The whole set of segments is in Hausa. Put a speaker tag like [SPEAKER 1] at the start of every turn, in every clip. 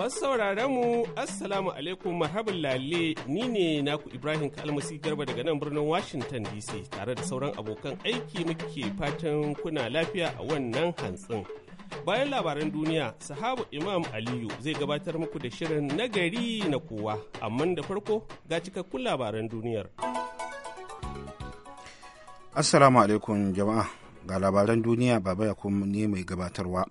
[SPEAKER 1] Masu sauraron mu Assalamu alaikum marhaban lalle ni ne naku Ibrahim Kalmasi Garba daga nan birnin Washington DC tare da sauran abokan aiki muke fatan kuna lafiya a wannan hantsin. Bayan labaran duniya, sahabu Imam Aliyu zai gabatar muku da shirin nagari na kowa, amma da farko ga cikakkun labaran duniyar.
[SPEAKER 2] Assalamu alaikum jama'a ga labaran duniya baba ya ne mai gabatarwa.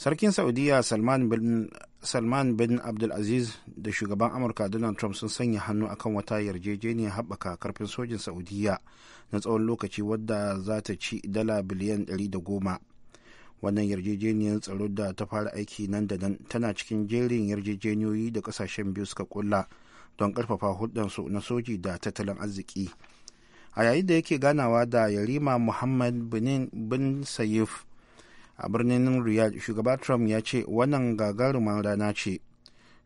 [SPEAKER 2] sarkin saudiya salman bin salman bin abdulaziz da shugaban amurka donald trump sun sanya hannu akan wata yarjejeniyar haɓaka karfin sojin saudiya na tsawon lokaci wadda za ta ci dala biliyan 110 wannan yarjejeniyar tsaro da ta fara aiki nan da nan tana cikin jerin yarjejeniyoyi da kasashen biyu suka kulla don karfafa hudansu na soji da tattalin arziki a yayin da yake ganawa da yarima muhammad bin sayif a birnin riyadh shugaba trump ya ce wannan gagarumar rana ce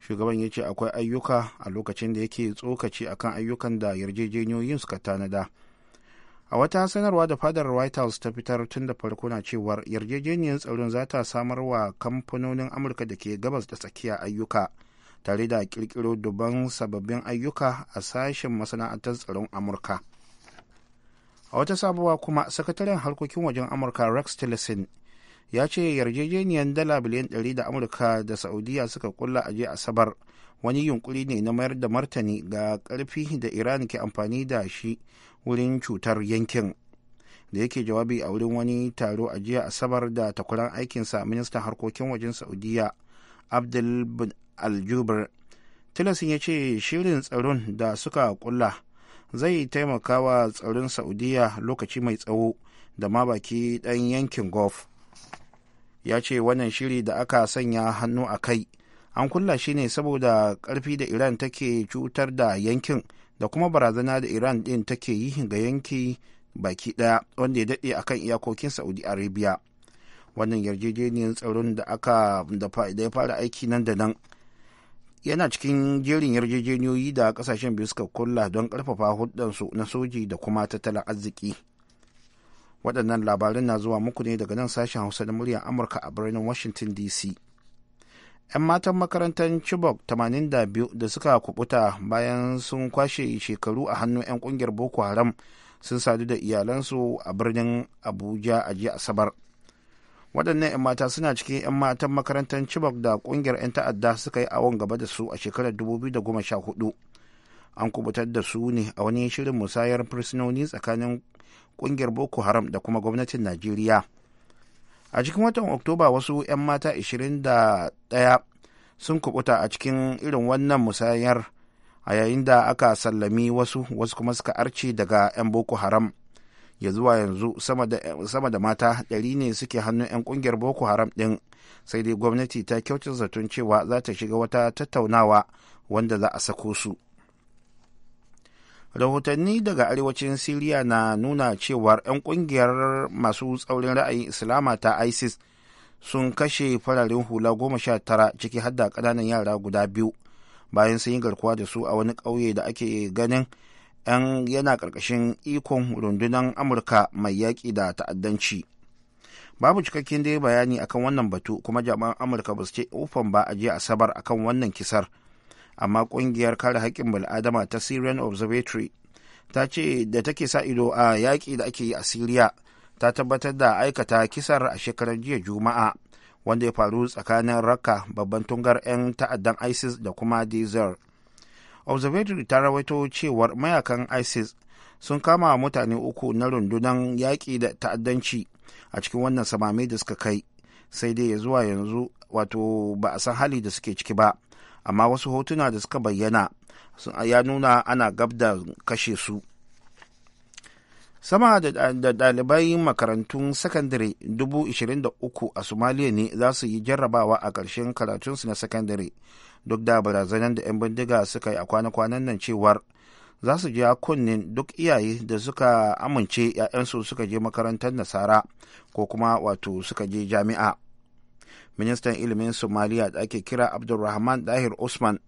[SPEAKER 2] shugaban ya ce akwai ayyuka a lokacin da yake tsokaci akan ayyukan da yarjejeniyoyin suka tanada a wata sanarwa da fadar white house ta fitar tun da farko na cewar yarjejeniyar tsaron za ta samar wa kamfanonin amurka da ke gabas da tsakiya ayyuka tare da kirkiro dubban sababbin ayyuka a sashen masana'antar tsaron amurka a wata sabuwa kuma sakataren harkokin wajen amurka rex tillerson ya ce yarjejeniyar dala biliyan 100 da amurka da saudiya suka kulla a jiya asabar wani yunkuri ne na mayar da martani ga karfi da iran ke amfani da shi wurin cutar yankin da yake jawabi a wurin wani taro a jiya asabar da takwaran aikinsa ministan harkokin wajen saudiya abdul bin aljubir tilasin ya ce shirin tsaron da suka kulla zai taimaka wa tsaron saudiya lokaci mai tsawo da ma baki dan yankin gulf ya ce wannan shiri da aka sanya hannu a kai an kulla shi ne saboda karfi da iran take cutar da yankin da kuma barazana da iran din take yi ga yanki baki daya wanda ya daɗe akan iyakokin saudi arabia wannan yarjejeniyar tsaron da aka da ya fara aiki nan da nan yana cikin jerin yarjejeniyoyi da kasashen biyu suka kulla don ƙarfafa hudansu na soji da kuma tattalin arziki waɗannan labaran na zuwa muku ne daga nan sashen hausa da muryar amurka a birnin washington dc 'yan matan makarantar chibok 82 da suka kubuta bayan sun kwashe shekaru a hannun 'yan kungiyar boko haram sun sadu da iyalansu a birnin abuja a jiya asabar waɗannan 'yan mata suna cikin 'yan matan makarantar chibok da kungiyar 'yan ta'adda suka yi awon gaba da su a shekarar 2014 an kubutar da su ne a wani shirin musayar fursunoni tsakanin kungiyar boko haram da kuma gwamnatin najeriya a cikin watan oktoba wasu 'yan mata 21 sun kubuta a cikin irin wannan musayar a yayin da aka sallami wasu wasu kuma suka arce daga 'yan boko haram ya zuwa yanzu sama da mata ɗari ne suke hannun 'yan ƙungiyar boko haram ɗin sai dai gwamnati ta kyautar zaton cewa za ta shiga wata tattaunawa wanda za a sako su. rahotanni daga arewacin siriya na nuna cewar 'yan kungiyar masu tsaurin ra'ayin islama ta isis sun kashe fararen hula goma sha tara ciki hadda kananan yara guda biyu bayan sun yi garkuwa da su a wani ƙauye da ake ganin 'yan yana ƙarƙashin ikon rundunar amurka mai yaƙi da ta'addanci babu cikakken dai bayani akan wannan batu kuma jami'an amurka ba su ce ofan ba a jiya asabar akan wannan kisar amma kungiyar kare haƙƙin bil'adama ta syrian observatory ta ce da take sa ido a yaƙi da ake yi a syria ta tabbatar da aikata kisar a shekarar jiya juma'a wanda ya faru tsakanin raka babban tungar 'yan ta'addan isis da kuma dizel observatory ta rawaito cewar mayakan isis sun kama mutane uku na rundunar yaƙi da ta'addanci a cikin wannan samami da suka kai sai dai zuwa yanzu wato ba a san hali da suke ciki ba amma wasu hotuna da suka bayyana ya nuna ana gab da kashe su sama da ɗalibai makarantun sakandare 23,000 a somaliya ne za su yi jarrabawa a ƙarshen karatunsu na sakandare duk da barazanar da 'yan bindiga suka yi a kwana-kwanan nan cewar za su ja kunnen duk iyaye da suka amince 'ya'yansu suka je makarantar nasara ko kuma wato suka je jami'a ministan ilimin somaliya da ake kira abdulrahman dahir usman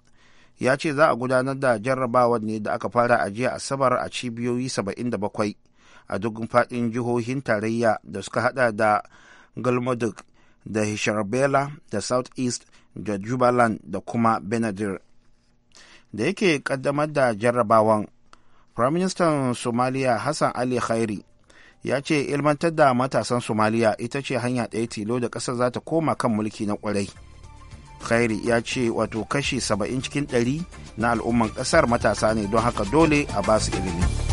[SPEAKER 2] ya ce za a gudanar da jarrabawar ne da aka fara a jiya asabar a cibiyoyi 77 a duk faɗin jihohin tarayya da suka hada da galmudug da hisharbela da south east da jubaland da kuma benadir da yake kaddamar da jarrabawan firaministan somaliya hassan ali khairi ya ce ilmantar da matasan somaliya ita ce hanya ɗaya tilo da ƙasar za ta koma kan mulki na ƙwarai khairi ya ce wato kashi 70 cikin 100 na al'umman ƙasar matasa ne don haka dole a basu ilimi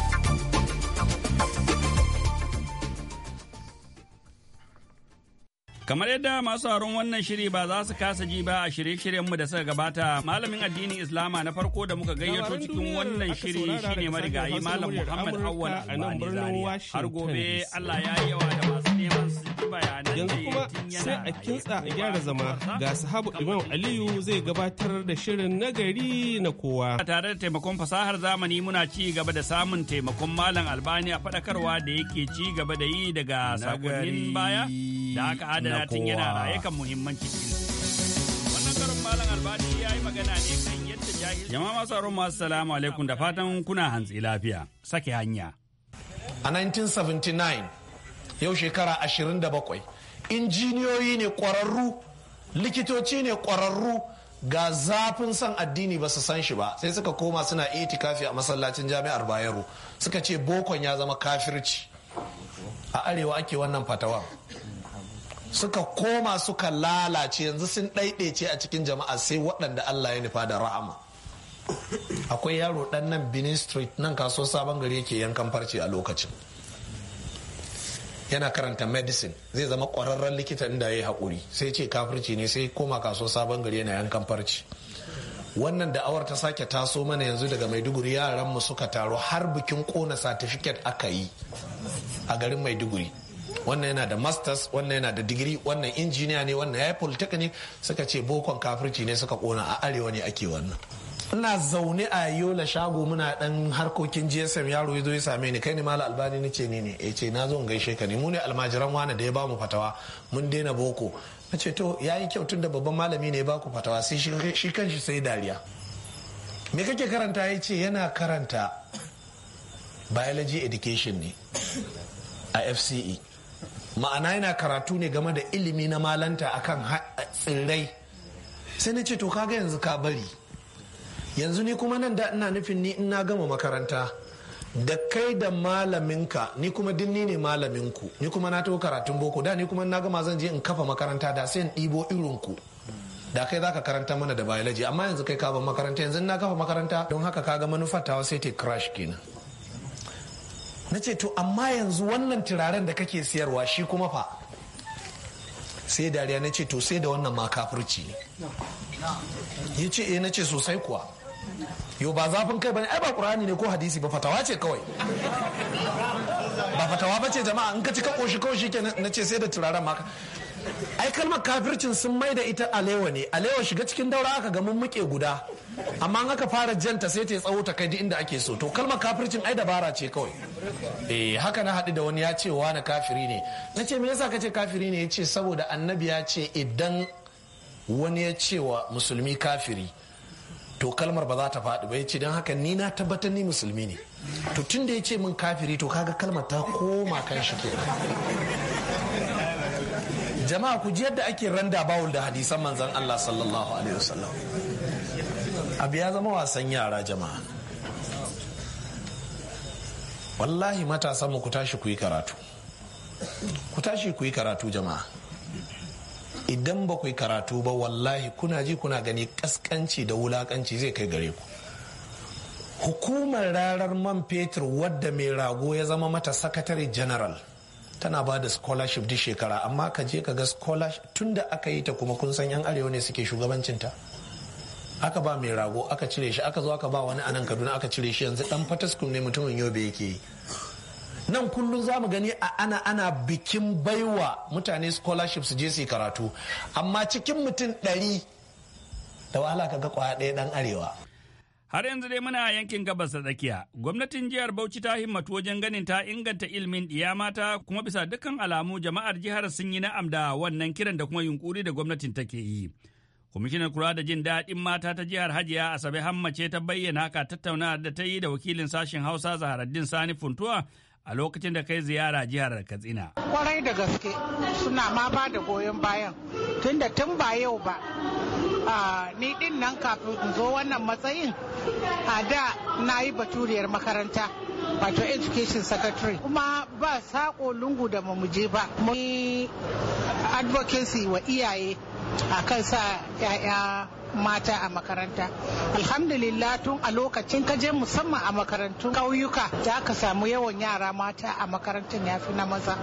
[SPEAKER 3] Kamar yadda masu sauraron wannan shiri ba za su kasa ji ba a shirye-shiryenmu da suka gabata malamin addinin Islama na farko da muka gayyato cikin wannan shiri shine marigayi Malam Muhammad Awwal Albani
[SPEAKER 1] Zariya. Har gobe Allah ya yi yawa da masu Yanzu kuma
[SPEAKER 3] sai a kintsa a gyara zama ga sahabu Imam Aliyu zai gabatar da shirin nagari na kowa. Tare da taimakon fasahar zamani muna ci gaba da samun taimakon Malam Albani a faɗakarwa da yake ci gaba da yi daga sakonnin baya da aka adana tun yana rayukan muhimmanci. Wannan Malam Albani ya yi magana ne kan yadda jahil. Jama'a masu aron masu salamu alaikum da fatan kuna hantsi lafiya. Sake hanya. A 1979 yau shekara 27
[SPEAKER 4] injiniyoyi ne kwararru likitoci ne kwararru ga zafin san addini ba su san shi ba sai suka koma suna itikafi a masallacin jami'ar bayero suka ce bokon ya zama kafirci a arewa ake wannan fatawa suka koma suka lalace yanzu sun ɗaiɗaice a cikin jama'a sai waɗanda allah ya nufa da rahama akwai yaro ɗan nan benin street nan kasuwar sabon gari yake yankan farce a lokacin yana karanta medicine zai zama ƙwararren likita inda ya yi haƙuri sai ce kafirci ne sai koma kaso sabon gari yana yankan farci wannan awar ta sake taso mana yanzu daga maiduguri yaranmu suka taru har bikin kona satifiket aka yi a garin maiduguri wannan yana da masters wannan yana da digiri wannan injiniya ne wannan ya yi suka ce bokon kafirci ne suka kona a arewa ne ake wannan ina zaune a yola shago muna dan harkokin gsm yaro ya zo ya same ni kai ne mala albani ni ce ni ne ya ce na zo in gaishe ka ne mu ne almajiran wani da ya ba mu fatawa mun daina boko na ce to ya yi kyau tunda babban malami ne ya baku fatawa sai shi kanshi sai dariya me kake karanta ya ce yana karanta biology education ne a fce ma'ana yana karatu ne game da ilimi na malanta akan tsirrai sai na ce to kaga yanzu ka bari yanzu ni kuma nan da ina nufin ni ina gama makaranta da kai da malaminka ni kuma dinni ne malaminku ni kuma na taho karatun boko da ni kuma na gama zan je in kafa makaranta da sai in ɗibo irinku da kai zaka karanta mana da biology amma yanzu kai ka makaranta yanzu na kafa makaranta don haka kaga manufar tawa sai ta crash kenan na ce to amma yanzu wannan turaren da kake siyarwa shi kuma fa sai dariya na ce to sai da wannan ma kafirci ne ya ce eh na ce sosai kuwa yo ba zafin kai bane ai ba qur'ani ne ko hadisi ba fatawa ce kawai ba fatawa ba ce jama'a in ka ci ka koshi koshi ke na ce sai da turaren maka ai kalmar kafircin sun mai da ita alewa ne alewa shiga cikin daura aka ga mun muke guda amma in aka fara janta sai ta tsawo ta kai duk inda ake so to kalmar kafircin ai dabara ce kawai eh haka na haɗu da wani ya ce wa kafiri ne na ce me yasa ka ce kafiri ne ya ce saboda annabi ya ce idan wani ya ce wa musulmi kafiri to kalmar ba za ta faɗi ba ya ce don haka ni na tabbatar ni musulmi ne to tun da ya ce min kafiri to kaga kalmar ta koma kan shi kenan jama'a ku ji yadda ake randa bawul da hadisan manzan Allah sallallahu alaihi wasallam abu ya zama wasan yara jama'a wallahi matasa mu ku tashi ku yi karatu ku tashi ku yi karatu jama'a idan ba ku karatu ba wallahi kuna ji kuna gani kaskanci da wulakanci zai kai gare ku hukumar rarar man fetur wadda mai rago ya zama mata sakatare general tana ba da scholarship duk shekara amma ka je ka ga scholarship tun da aka yi ta kuma kun san yan arewa ne suke shugabancinta aka ba mai rago aka cire shi aka zo aka ba wani anan kaduna aka cire shi yanzu dan fataskum ne mutumin yobe yake yi nan kullum za mu gani a ana ana bikin baiwa mutane scholarship su je su yi karatu amma cikin mutum ɗari da wahala ga kwaya ɗaya ɗan
[SPEAKER 3] arewa Har yanzu dai muna yankin gabas da tsakiya. Gwamnatin jihar Bauchi ta himmatu wajen ganin ta inganta ilimin ɗiya mata kuma bisa dukkan alamu jama'ar jihar sun yi na'am da wannan kiran da kuma yunkuri da gwamnatin take yi. Kwamishinan kula da jin daɗin mata ta jihar Hajiya Asabe Hamma ce ta bayyana haka tattauna da ta yi da wakilin sashen Hausa Zaharaddin Sani Funtuwa a lokacin da kai ziyara jihar Katsina.
[SPEAKER 5] Kwarai da gaske suna ma ba da goyon bayan tunda tun ba yau ba. ni din nan kafin in zo wannan matsayin a da na yi baturiyar makaranta wato education secretary kuma ba sako lungu da mamuje ba mun advocacy wa iyaye a kan sa 'ya'ya mata a makaranta alhamdulillah tun a lokacin ka je musamman a makarantun ƙauyuka za ka samu yawan yara mata a makarantun ya fi na maza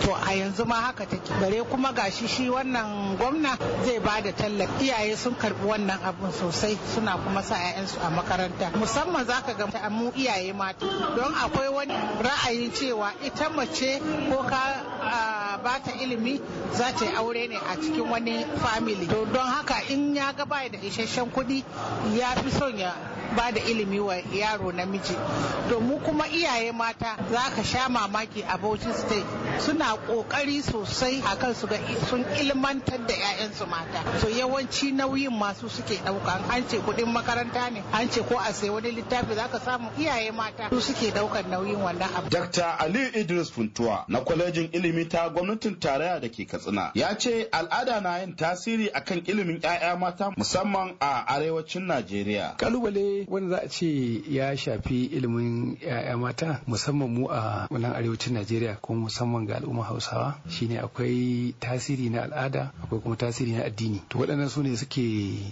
[SPEAKER 5] to a yanzu ma haka take bare kuma gashi shi wannan gwamna zai ba da tallafi iyaye sun karɓi wannan abun sosai suna kuma sa 'ya'yansu a makaranta musamman za ka gamta mu iyaye mata don akwai wani ra'ayin cewa ita mace ko ka ba ta ilimi za ta yi aure ne a cikin wani family don haka in ya ga bai da isasshen kuɗi ya fi son ya ba da ilimi wa yaro namiji to mu kuma iyaye mata za ka sha mamaki a Bauchi state suna kokari sosai akan su ga sun ilmantar da 'ya'yansu mata to yawanci nauyin masu suke dauka an ce kudin makaranta ne an ce ko a sai wani littafi za ka samu iyaye mata su suke daukan nauyin wannan
[SPEAKER 6] abu Dr. Ali Idris Funtuwa na kwalejin ilimi ta gwamnatin tarayya da ke Katsina ya ce al'ada na yin tasiri akan ilimin 'ya'ya mata musamman a arewacin Najeriya
[SPEAKER 7] kalubale wanda za a ce ya shafi ilimin 'ya'ya mata musamman mu a wannan arewacin Najeriya ko musamman ga al'umma Hausawa shine akwai tasiri na al'ada akwai kuma tasiri na addini to waɗannan su suke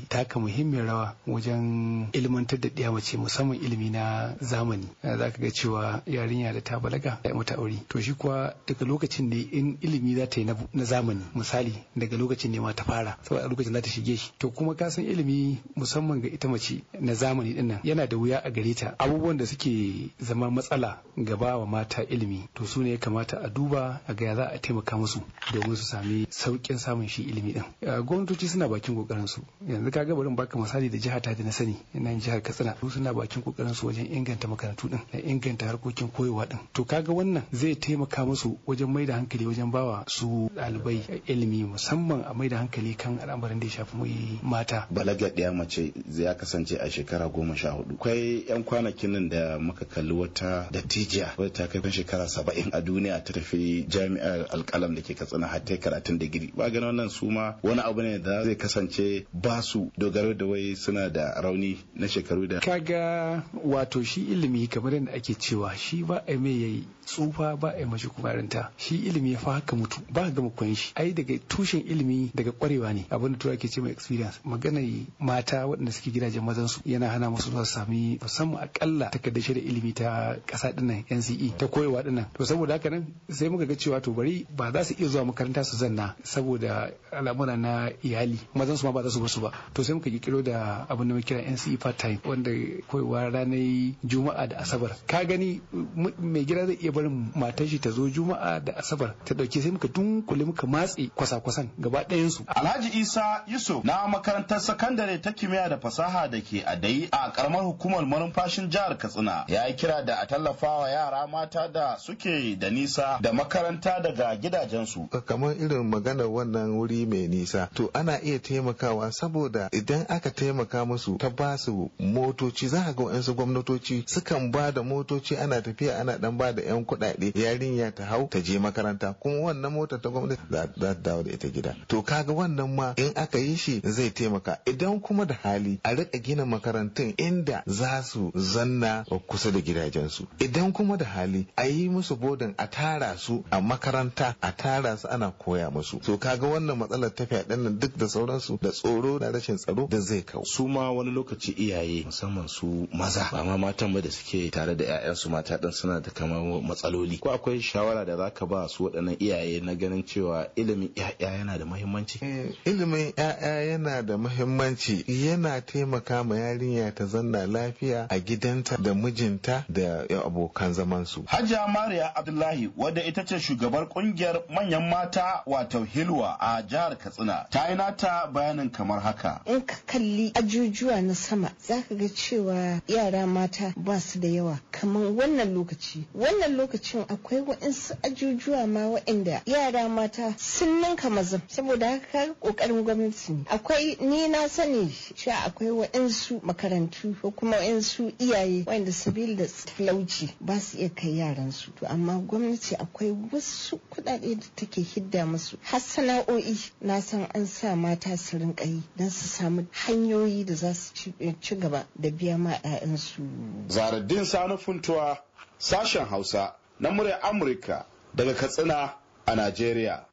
[SPEAKER 7] taka muhimmiyar rawa wajen ilmantar da ɗiya mace musamman ilimi na zamani za ka ga cewa yarinya da ta balaga ya mata aure to shi kuwa daga lokacin ne in ilimi za ta yi na zamani misali daga lokacin ne ma ta fara saboda lokacin za ta shige shi to kuma ka san ilimi musamman ga ita mace na zamani din nan yana da wuya a gare ta abubuwan da suke zama matsala ga bawa mata ilimi to su ne ya kamata a duba a ga za a taimaka musu domin su sami saukin samun shi ilimi din gwamnatoci suna bakin kokarin su yanzu ka ga barin baka misali da jihar ta da na sani nan jihar Katsina su suna bakin kokarin su wajen inganta makarantu din da inganta harkokin koyewa din to kaga wannan zai taimaka musu wajen mai da hankali wajen bawa su ɗalibai ilimi musamman a mai da hankali kan al'amarin da ya shafi mata
[SPEAKER 6] balaga ɗaya mace zai kasance a shekara goma goma sha hudu kwai yan kwanakin nan da muka kalli wata dattijiya wadda ta kai shekara saba'in a duniya ta tafi jami'ar alkalam da ke katsina har ta karatun digiri ba ganin wannan su ma wani abu ne da zai kasance basu. su dogaro da wai suna da rauni na shekaru da
[SPEAKER 7] kaga wato shi ilimi kamar yadda ake cewa shi ba a mai yayi tsufa ba a mashi kumarinta shi ilimi fa haka mutu ba ga mukun shi ai daga tushen ilimi daga kwarewa ne abin da tura ke ce mai experience magana mata waɗanda suke gidajen mazan su yana hana samu zuwa sami musamman akalla takardar shirya ilimi ta kasa dinnan NCE ta koyewa dinnan to saboda haka nan sai muka ga cewa to bari ba za su iya zuwa makaranta su zanna saboda al'amura na iyali mazan su ma ba za su basu ba to sai muka kirkiro da abin da muke kira NCE part time wanda koyewa ranar Juma'a da Asabar ka gani mai gida zai iya barin matar shi ta zo Juma'a da Asabar ta dauke sai muka dunkule muka matse kwasa-kwasan gaba ɗayan su Alhaji Isa Yusuf na makarantar sakandare ta kimiyya da fasaha da
[SPEAKER 6] ke a dai a a karamar hukumar manumfashin jihar Katsina ya yi kira da a tallafawa yara mata da suke da nisa da makaranta daga gidajensu. Kamar irin maganar wannan wuri mai nisa, to ana iya taimakawa saboda idan aka taimaka musu ta ba su motoci za a ga wa'yansu gwamnatoci sukan ba da motoci ana tafiya ana dan ba da 'yan kuɗaɗe yarinya ta hau ta je makaranta kuma wannan motar ta gwamnati za ta dawo da ita gida. To kaga wannan ma in aka yi shi zai taimaka idan kuma da hali a rika gina makarantun inda za su zanna kusa da gidajensu idan kuma da hali a yi musu bodin a tara su a makaranta a tara su ana koya musu to kaga wannan matsalar ta fyaɗen nan duk da sauransu da tsoro da rashin tsaro da zai kawo su ma wani lokaci iyaye musamman su maza ba ma matan ba da suke tare da 'ya'yansu mata dan suna da kamar matsaloli ko akwai shawara da za ka ba su waɗannan iyaye na ganin cewa ilimin ƴaƴa yana da muhimmanci eh, ilimin ƴaƴa yana da muhimmanci yana taimaka ma yarinya ta zanna lafiya a gidanta da mijinta da abokan zamansu. Hajiya Mariya Abdullahi wadda ita ce shugabar kungiyar manyan mata wato Hilwa a jihar Katsina ta yi nata bayanin kamar haka.
[SPEAKER 5] In ka kalli ajujuwa na sama za ka ga cewa yara mata ba su da yawa kamar wannan lokaci. Wannan lokacin akwai waɗansu ajujuwa ma waɗanda yara mata sun ninka mazan saboda haka ƙoƙarin gwamnati ne. Akwai ni na sani cewa akwai waɗansu makaranta. makarantu ko kuma in su iyaye wanda sabil da talauci ba su iya kai yaran su to amma gwamnati akwai wasu kudade da take hidda musu har sana'o'i na san an sa mata su rinka yi don su samu hanyoyi da za su ci eh, gaba da biya ma 'ya'yansu.
[SPEAKER 6] su Sani Funtuwa sashen Hausa na murya Amurka daga Katsina a Najeriya.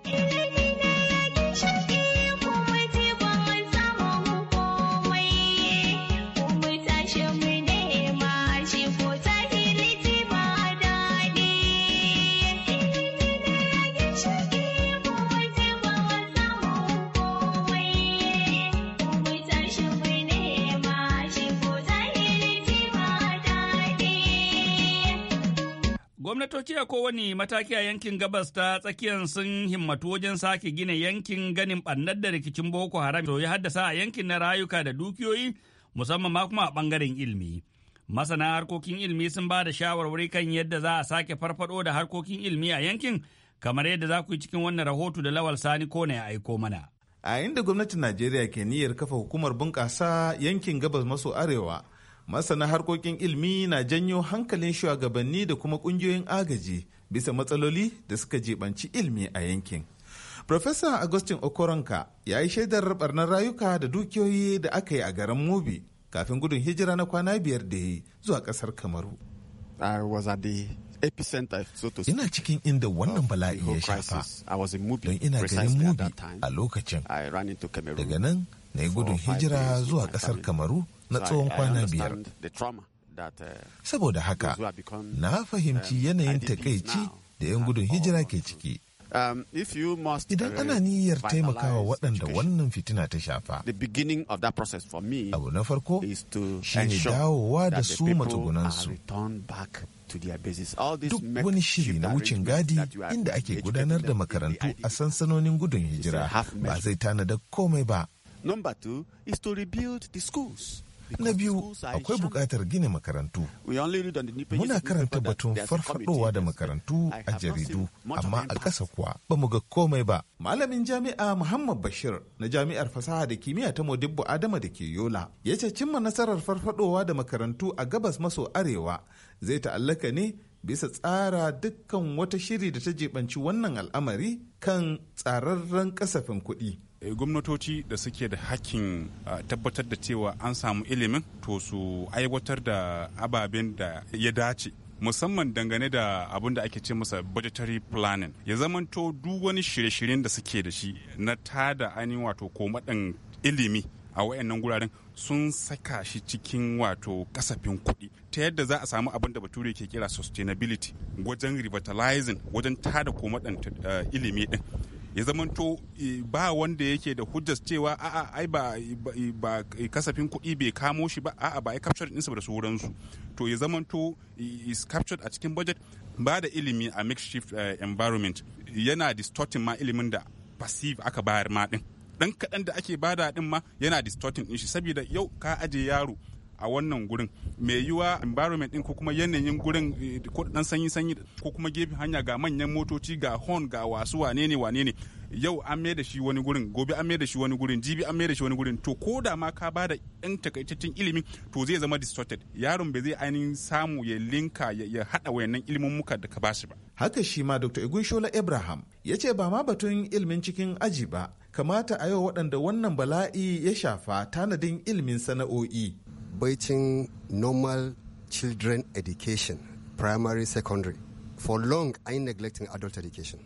[SPEAKER 3] Gwamnatoci a kowane mataki a yankin gabas ta tsakiyar sun himmatu wajen sake gina yankin ganin ɓannar da rikicin Boko Haram to ya haddasa a yankin na rayuka da dukiyoyi musamman ma kuma a ɓangaren ilimi. Masana harkokin ilmi sun ba da shawarwari kan yadda za a sake farfado da harkokin ilmi a yankin kamar yadda za ku yi cikin wannan rahoto da Lawal Sani Kone ya aiko mana.
[SPEAKER 6] A inda gwamnatin Najeriya ke niyyar kafa hukumar bunƙasa yankin gabas maso arewa masana harkokin ilmi na janyo hankalin shugabanni da kuma kungiyoyin agaji bisa matsaloli da suka jebanci ilmi a yankin Profesa Agustin Okoronka ya yi shaidar barnar rayuka da dukiyoyi da aka yi a garin Mobi kafin gudun hijira na kwana biyar da yi zuwa kasar Kamaru. Ina cikin inda wannan bala'i ya shafa don ina garin Mobi a lokacin. Daga nan na yi gudun hijira zuwa kasar Kamaru na tsawon kwana biyar uh, saboda haka na fahimci uh, yanayin takaici da 'yan gudun hijira ke ciki um, uh, Idan ana niyyar taimakawa waɗanda wannan fitina ta shafa, abu na farko shi ne dawowa da su matsugunansu. Duk wani shiri na wucin gadi inda ake gudanar da makarantu a sansanonin gudun hijira ba zai tanada komai ba. Number is to rebuild the Na biyu akwai buƙatar gina makarantu. Muna karanta batun farfadowa da makarantu a jaridu amma a ƙasa kuwa ba mu ga komai ba. Malamin jami'a Muhammad Bashir na jami'ar fasaha da kimiyya ta Modibbo Adama da ke Yola ya ce cimma nasarar farfadowa da makarantu a gabas maso arewa zai ta'allaka ne bisa tsara
[SPEAKER 8] dukkan wata shiri da ta jibanci wannan al'amari kan tsararren kasafin kuɗi. Eh, gwamnatoci da suke da hakkin ah, tabbatar da cewa an samu ilimin to su aiwatar da ababen da ya dace musamman dangane da abin da ake ce masa budgetary planning ya zamanto duk wani shirye-shiryen da suke da shi na tada ainihin wato komaɗin ilimi a wayannan guraren sun saka shi cikin wato kasafin kuɗi ta yadda za a samu abin da bature ke kira sustainability wajen revitalizing wajen tada komaɗin eh, ilimi ya zamanto e, ba wanda yake da hujjas cewa a'a ai ba kasafin kuɗi bai kamo shi ba a'a ba ai capture ɗinsa da sauransu to ya zamanto e, is captured a cikin budget ba da ilimi a makeshift e, environment yana distorting ma ilimin da passive aka bayar ma din dan kaɗan da ake bada din ma yana distorting din shi saboda yau ka aje yaro a wannan gurin mai yiwa environment din ko kuma yanayin gurin eh, ko dan sanyi sanyi ko kuma gefen hanya ga manyan motoci ga horn ga wasu wane ne wane ne yau an mai da shi wani gurin gobe an mai da shi wani gurin jibi an mai da shi wani gurin to ko da ma ka da yan takaitaccen ilimi to zai zama distorted yaron bai zai ainihin samu ya linka ya hada wayannan ilimin muka da ka ba shi ba haka shi ma dr egunshola ibrahim ya ce ba ma batun ilimin cikin aji ba
[SPEAKER 9] kamata a yau waɗanda wannan bala'i ya shafa tanadin ilimin sana'o'i celebrating normal children education, primary, secondary. For long, I neglecting adult education.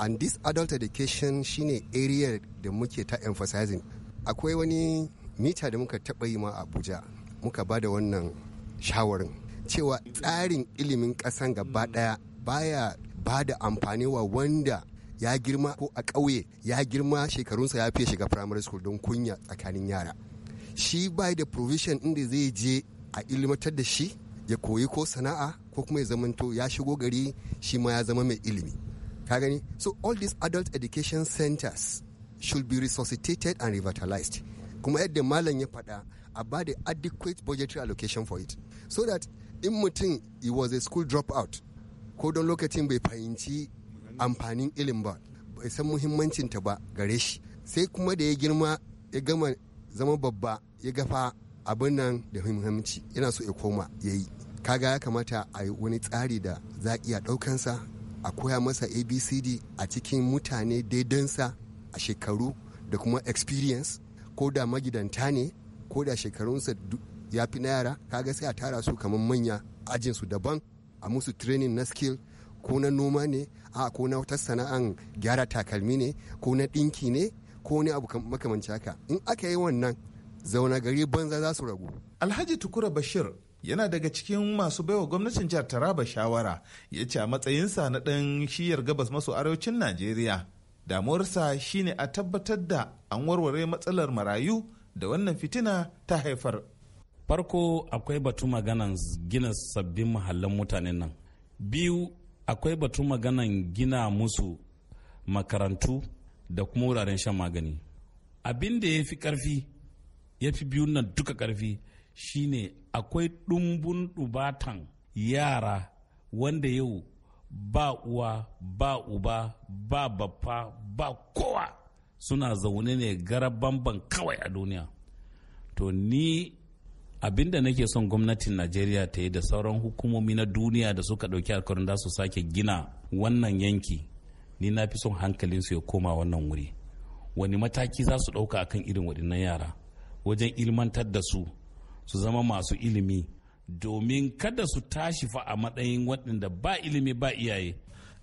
[SPEAKER 9] And this adult education shine area da muke ta emphasizing. Akwai wani mita da muka taɓa yi ma Abuja, muka ba da wannan shawarin cewa tsarin ilimin ƙasan gaba ɗaya baya ba da amfani wa wanda ya girma ko a ƙauye ya girma shekarunsa ya fiye shiga primary school don kunya tsakanin yara shi bai da provision inda zai je a ilimatar da shi ya koyi ko sana'a ko kuma ya zamanto ya shigo gari shi ma ya zama mai ilimi ka gani so all these adult education centers should be resuscitated and revitalized kuma yadda malam ya faɗa a ba da adequate budgetary allocation for it so that in mutum he was a school dropout ko don lokacin bai fahimci amfanin ilim ba bai san ta ba gare shi sai kuma da ya girma ya gama zama babba ya gafa abin nan da muhimmanci yana so ya koma ya yi kaga ya kamata a yi wani tsari da za a iya ɗaukansa a koya masa abcd a cikin mutane daidansa a shekaru da kuma experience ko da magidanta ne ko da shekarunsa ya fi na yara kaga sai a tara su kamar manya ajinsu daban a musu training na skill ko na noma ne a ko na wata sana'an gyara takalmi ne ko na ɗinki ne ko wani abu makamanci haka in aka yi wannan zauna gari banza za su ragu alhaji tukura bashir yana daga cikin masu baiwa gwamnatin jihar taraba shawara ya ce a
[SPEAKER 6] matsayinsa na ɗan shiyar gabas maso arewacin najeriya damuwarsa shine a tabbatar da an warware matsalar marayu da wannan fitina ta haifar
[SPEAKER 8] farko akwai batu maganan gina sabbin mahallan mutanen nan biyu akwai batu maganan gina musu makarantu da kuma wuraren shan magani abin da ya fi ƙarfi. ya fi biyun nan duka ƙarfi shine akwai ɗumbun ɗubatan yara wanda yau ba uwa ba uba ba baffa ba kowa suna zaune ne gara bamban kawai a duniya to ni abinda nake son gwamnatin najeriya ta yi da sauran hukumomi na duniya da suka ɗauki alkawarin da su sake gina wannan yanki ni na fi son hankalinsu ya koma wannan wuri wani mataki za su ɗauka akan irin waɗannan yara wajen ilmantar da su su zama masu ilimi domin kada su tashi fa a matsayin waɗanda ba ilimi ba
[SPEAKER 6] iyaye.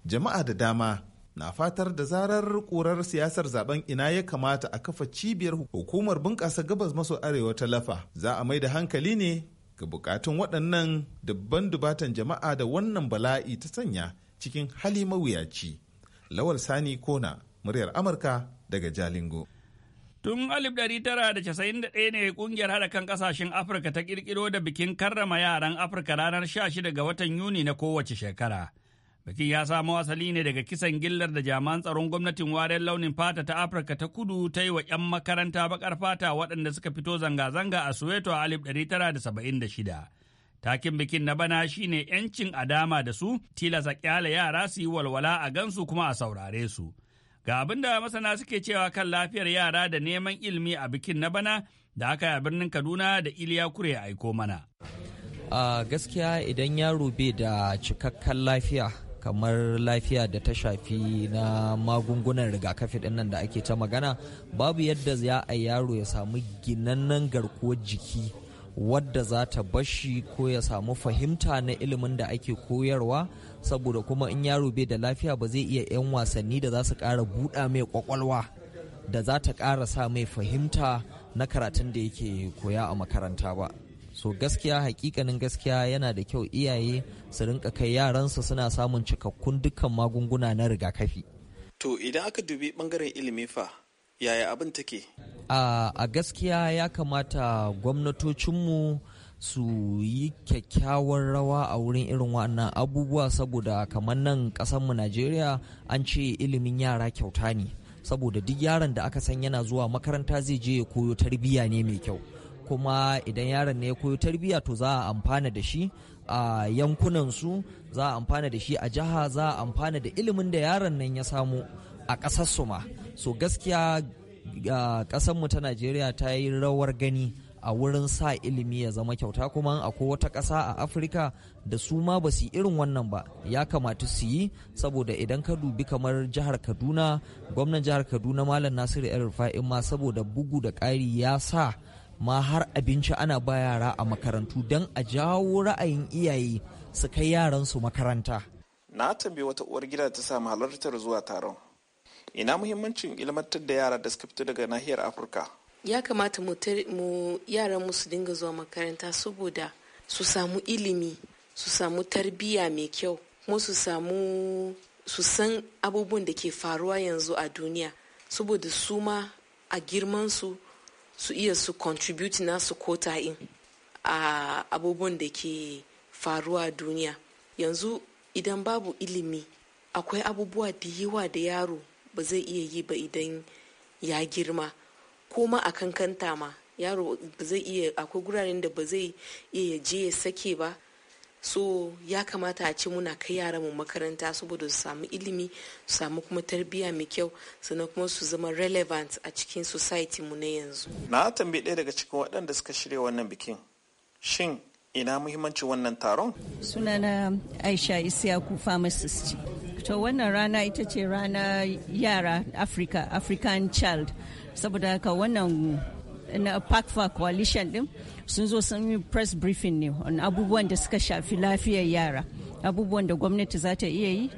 [SPEAKER 6] Jama'a da dama na fatar da zarar ƙurar siyasar zaben ina ya kamata a kafa cibiyar hukumar bunƙasa gabas maso arewa ta lafa za a mai da hankali ne ga bukatun waɗannan dubban dubatan jama'a da wannan bala'i ta sanya cikin hali mawuyaci. Lawal Sani Kona, muryar Amurka daga Jalingo.
[SPEAKER 3] Tun 1991 ne kungiyar haɗa kan ƙasashen Afirka ta ƙirƙiro da bikin karrama yaran Afirka ranar 16 ga watan Yuni na kowace shekara. Bikin ya samo asali ne daga kisan gillar da jami'an tsaron gwamnatin wariyar launin fata ta Afirka ta kudu ta yi wa 'yan makaranta baƙar fata waɗanda suka fito zanga-zanga a Soweto a 1976. Takin bikin na bana shine 'yancin adama da su, tilasa kyale yara su yi walwala a gansu kuma a saurare su. Ga abin da masana suke cewa kan lafiyar yara da neman ilimi a bikin na bana da aka a birnin Kaduna da Iliya Kure ya aiko
[SPEAKER 10] mana. A gaskiya idan yaro bai da cikakken lafiya kamar lafiya da ta shafi na magungunan rigakafi din nan da ake ta magana babu yadda za a yaro ya samu ginannen garkuwar jiki wadda za ta bashi ko ya samu fahimta na ilimin da ake koyarwa saboda kuma in yaro bai da lafiya ba zai iya 'yan wasanni da za su ƙara buɗa mai ƙwaƙwalwa da za ta ƙara sa mai fahimta na karatun da yake koya a makaranta ba so gaskiya hakikanin gaskiya yana da kyau iyaye su rinka kai yaransu suna samun cikakkun dukkan magunguna na rigakafi
[SPEAKER 1] to idan aka dubi bangaren ilimi fa
[SPEAKER 10] yaya abin take a gaskiya ya kamata gwamnatocinmu su yi kyakkyawar rawa a wurin irin wannan abubuwa saboda kamar nan mu najeriya an ce ilimin yara kyauta ne saboda duk yaron da aka san yana zuwa makaranta zai je ya koyo tarbiyya ne mai kyau kuma idan yaron ne ya koyo tarbiyya to za a amfana da shi a yankunan su za a amfana da shi a jiha za a amfana da ilimin da yaron nan ya samu a ƙasar su ma so gaskiya mu ta najeriya ta yi rawar gani a wurin sa ilimi ya zama kyauta kuma akwai wata kasa a afirka da su ma ba su yi irin wannan ba ya kamata su yi saboda idan ka dubi kamar jihar kaduna gwamnan jihar kaduna malam nasiru el rufa'in ma saboda bugu da ƙari ya sa ma har abinci ana ba yara a makarantu don a jawo ra'ayin iyaye su kai yaransu makaranta na
[SPEAKER 6] tambayi wata uwar gida ta samu halartar zuwa taron ina muhimmancin ilmantar da yara da suka fito daga nahiyar afirka
[SPEAKER 5] ya kamata mu yaran mu su dinga zuwa makaranta saboda su samu ilimi su samu tarbiyya mai kyau kuma su samu su san abubuwan da ke faruwa yanzu a duniya saboda su ma a girman su su iya su contribute su kota in a abubuwan da ke faruwa a duniya yanzu idan babu ilimi akwai abubuwa da yawa da yaro ba zai iya yi ba idan ya girma koma a kankanta ma yaro ba zai iya akwai guraren da ba zai iya je ya sake ba so ya kamata a ce muna kai yara mu makaranta saboda su samu ilimi su samu kuma tarbiyya mai kyau sannan kuma su zama relevant a cikin society mu na yanzu
[SPEAKER 6] na tambayi ɗaya daga cikin waɗanda suka shirya wannan bikin shin ina muhimmanci wannan taron
[SPEAKER 5] sunana aisha isiyaku pharmacist
[SPEAKER 3] to wannan rana ita ce rana yara africa african child
[SPEAKER 5] saboda haka wannan na pakfa coalition din sun zo sun yi press briefing ne on abubuwan da suka shafi lafiyar yara abubuwan da gwamnati za ta iya yi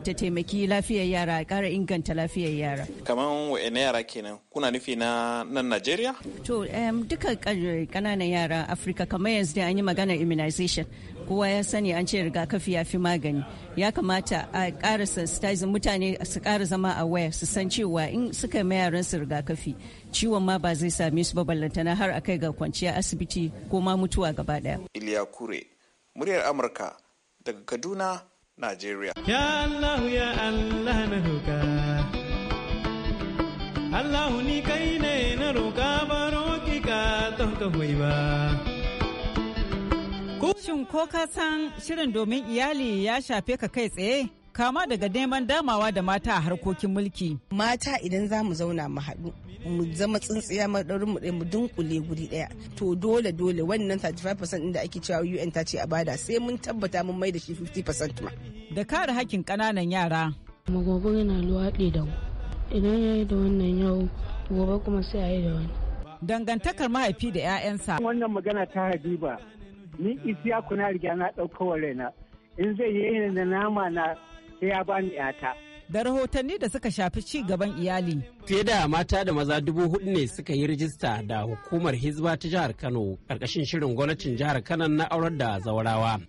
[SPEAKER 5] ta taimaki lafiyar yara a kara inganta lafiyar yara.
[SPEAKER 6] Kamar wa'ina yara kenan kuna nufi na nan Najeriya?
[SPEAKER 3] To duka kananan yara Afirka kamar yanzu da an yi maganar immunization kowa ya sani an ce rigakafi ya fi magani ya kamata
[SPEAKER 5] a kara sensitizer mutane su kara zama a waya su san cewa in suka ma yaran su rigakafi ciwon ma ba zai same su ba har har kai ga kwanciya asibiti ko ma mutuwa gaba daya.
[SPEAKER 1] Iliya Kure, muryar Amurka daga Kaduna, Najeriya. Ya Allah ya Allah na roƙa. Allah
[SPEAKER 5] ni kai ne na roƙa ba roƙi ka don ka ba. Kushin ko ka san shirin domin iyali ya shafe ka kai tsaye? kama daga neman damawa da mata a harkokin mulki. Mata idan za mu zauna mu haɗu mu zama tsintsiya maɗaurin mu ɗaya mu dunkule guri ɗaya to dole dole wannan 35% da ake cewa UN ta ce a bada sai mun tabbata mun mai da shi 50% ma. Da kare hakkin ƙananan yara. Magogon yana luwaɗi da mu. idan ya yi da wannan yau gobe kuma sai a yi da wani. Dangantakar mahaifi da 'ya'yansa. Wannan magana ta Habiba ni isiya kuna riga na ɗaukowar raina in zai yi da nama na sai ya bani yata. Da rahotanni da suka shafi ci gaban iyali. Fiye da mata
[SPEAKER 1] da maza dubu hudu ne suka yi rijista da hukumar Hizba ta jihar Kano karkashin shirin gwamnatin jihar Kano na aurar da zaurawa.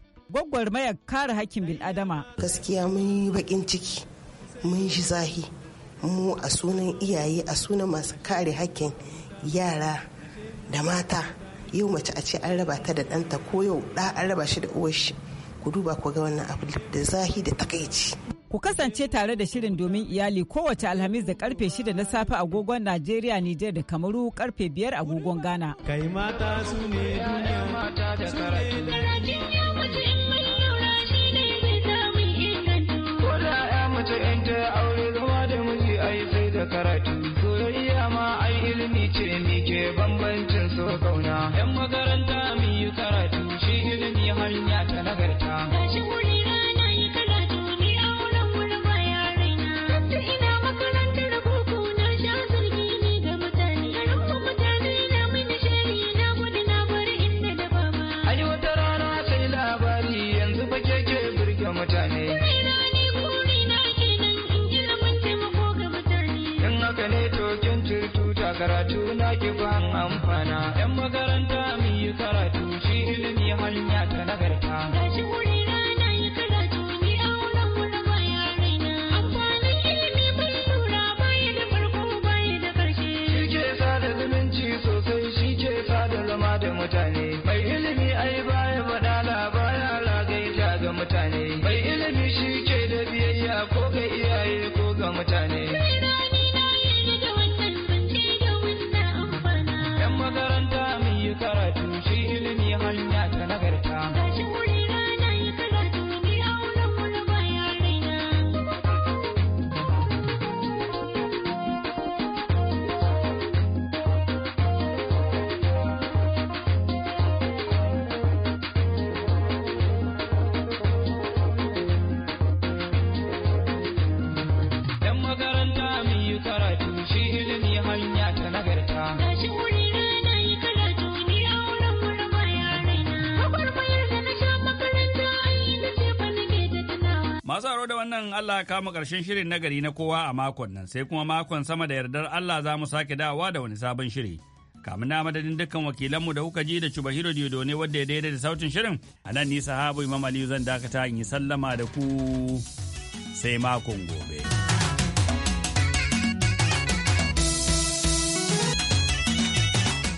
[SPEAKER 5] mayar kare hakkin adama. Gaskiya mun yi bakin ciki, mun shi zahi, mu a sunan iyaye a sunan masu kare hakkin yara da mata. Yau mace a ce an raba ta da ɗanta ko yau ɗa an raba shi da uwar shi. ku duba ku ga wannan abu da zahi da takaici ku kasance tare da shirin domin iyali kowace alhamis da karfe 6 na safe agogon najeriya nijar da kamaru karfe 5 agogon ghana kai mata su ne
[SPEAKER 11] duniya mata da karatu karatu soyayya ma ai ilimi ce mi ke bambancin so kauna yan makaranta yi karatu ilimi hanya ta nagarta. karatu na kifan amfana yan makaranta mu yi karatu shi ilimi hanya ta nagarta
[SPEAKER 3] wannan Allah kama ƙarshen shirin nagari na kowa a makon nan sai kuma makon sama da yardar Allah za mu sake dawa da wani sabon shiri. kamun na madadin dukkan wakilanmu da kuka ji da Hiro Diodo ne wadda ya daidai da sautin shirin a nan ni habu Imam Aliyu zan dakata in yi sallama da ku sai makon gobe.